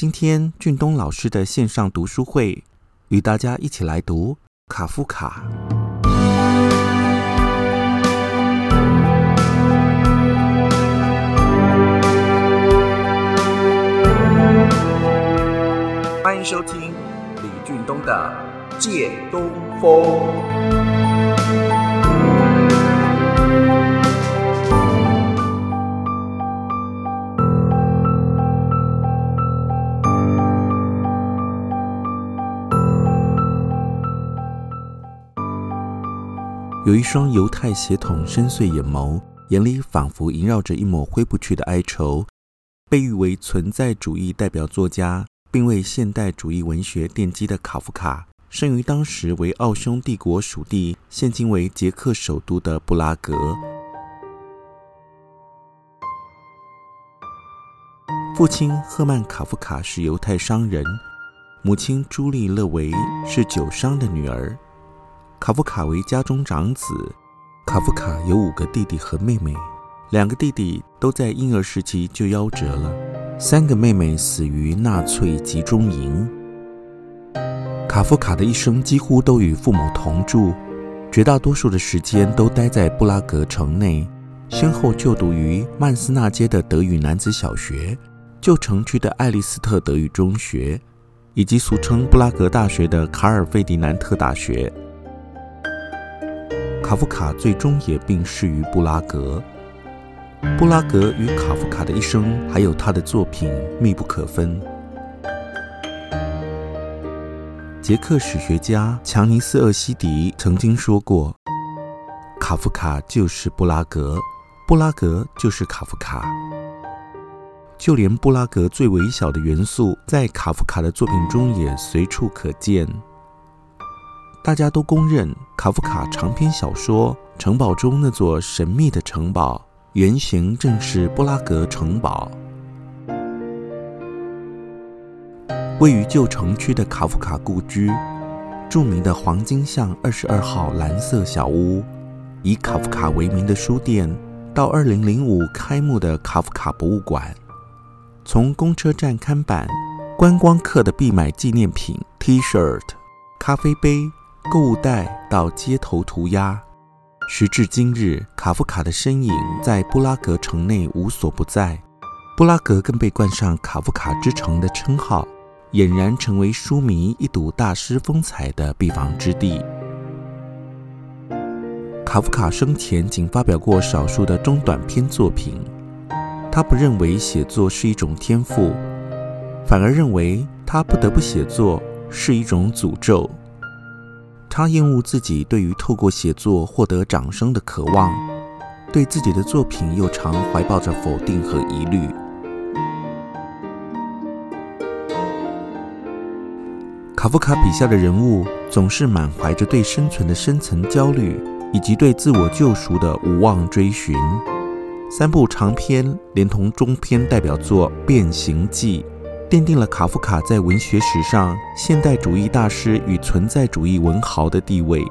今天俊東老師的線上讀書會，與大家一起來讀卡夫卡。歡迎收聽李俊東的《借東風》。有一雙猶太血統深邃眼眸，眼裡仿佛縈繞着一抹揮不去的哀愁。被譽為存在主義代表作家，並為現代主義文學奠基的卡夫卡，生於當時為奧匈帝國屬地，現今為捷克首都的布拉格。父親赫曼·卡夫卡是猶太商人，母親朱莉·勒維是酒商的女兒。卡夫卡為家中長子，卡夫卡有五個弟弟和妹妹，兩個弟弟都在嬰兒時期就夭折了，三個妹妹死於納粹集中營。卡夫卡的一生幾乎都與父母同住，絕大多數的時間都待在布拉格城內，先後就讀於曼斯納街的德語男子小學、舊城區的愛麗斯特德語中學，以及俗稱布拉格大學的卡爾費迪南特大學。卡夫卡最終也病逝於布拉格。布拉格與卡夫卡的一生，還有他的作品，密不可分。捷克史學家強尼斯·厄西迪曾經說過：“卡夫卡就是布拉格，布拉格就是卡夫卡。”就連布拉格最微小的元素，在卡夫卡的作品中也隨處可見。大家都公認，卡夫卡長篇小說《城堡》中那座神秘的城堡，原型正是布拉格城堡。位於舊城區的卡夫卡故居、著名的黃金巷二十二號藍色小屋、以卡夫卡為名的書店、到二零零五開幕的卡夫卡博物館、從公車站看板、觀光客的必買紀念品 T-shirt 咖啡杯。購物袋到街頭塗鴉，時至今日，卡夫卡的身影在布拉格城內無所不在。布拉格更被冠上“卡夫卡之城”的稱號，儼然成為書迷一睹大師風采的必訪之地。卡夫卡生前僅發表過少數的中短篇作品，他不認為寫作是一種天賦，反而認為他不得不寫作是一種詛咒。他厭惡自己對於透過寫作獲得掌聲的渴望，對自己的作品又常懷抱着否定和疑慮。卡夫卡筆下的人物總是滿懷着對生存的深層焦慮，以及對自我救贖的無望追尋。三部長篇連同中篇代表作《變形記》，奠定了卡夫卡在文學史上現代主義大師與存在主義文豪的地位。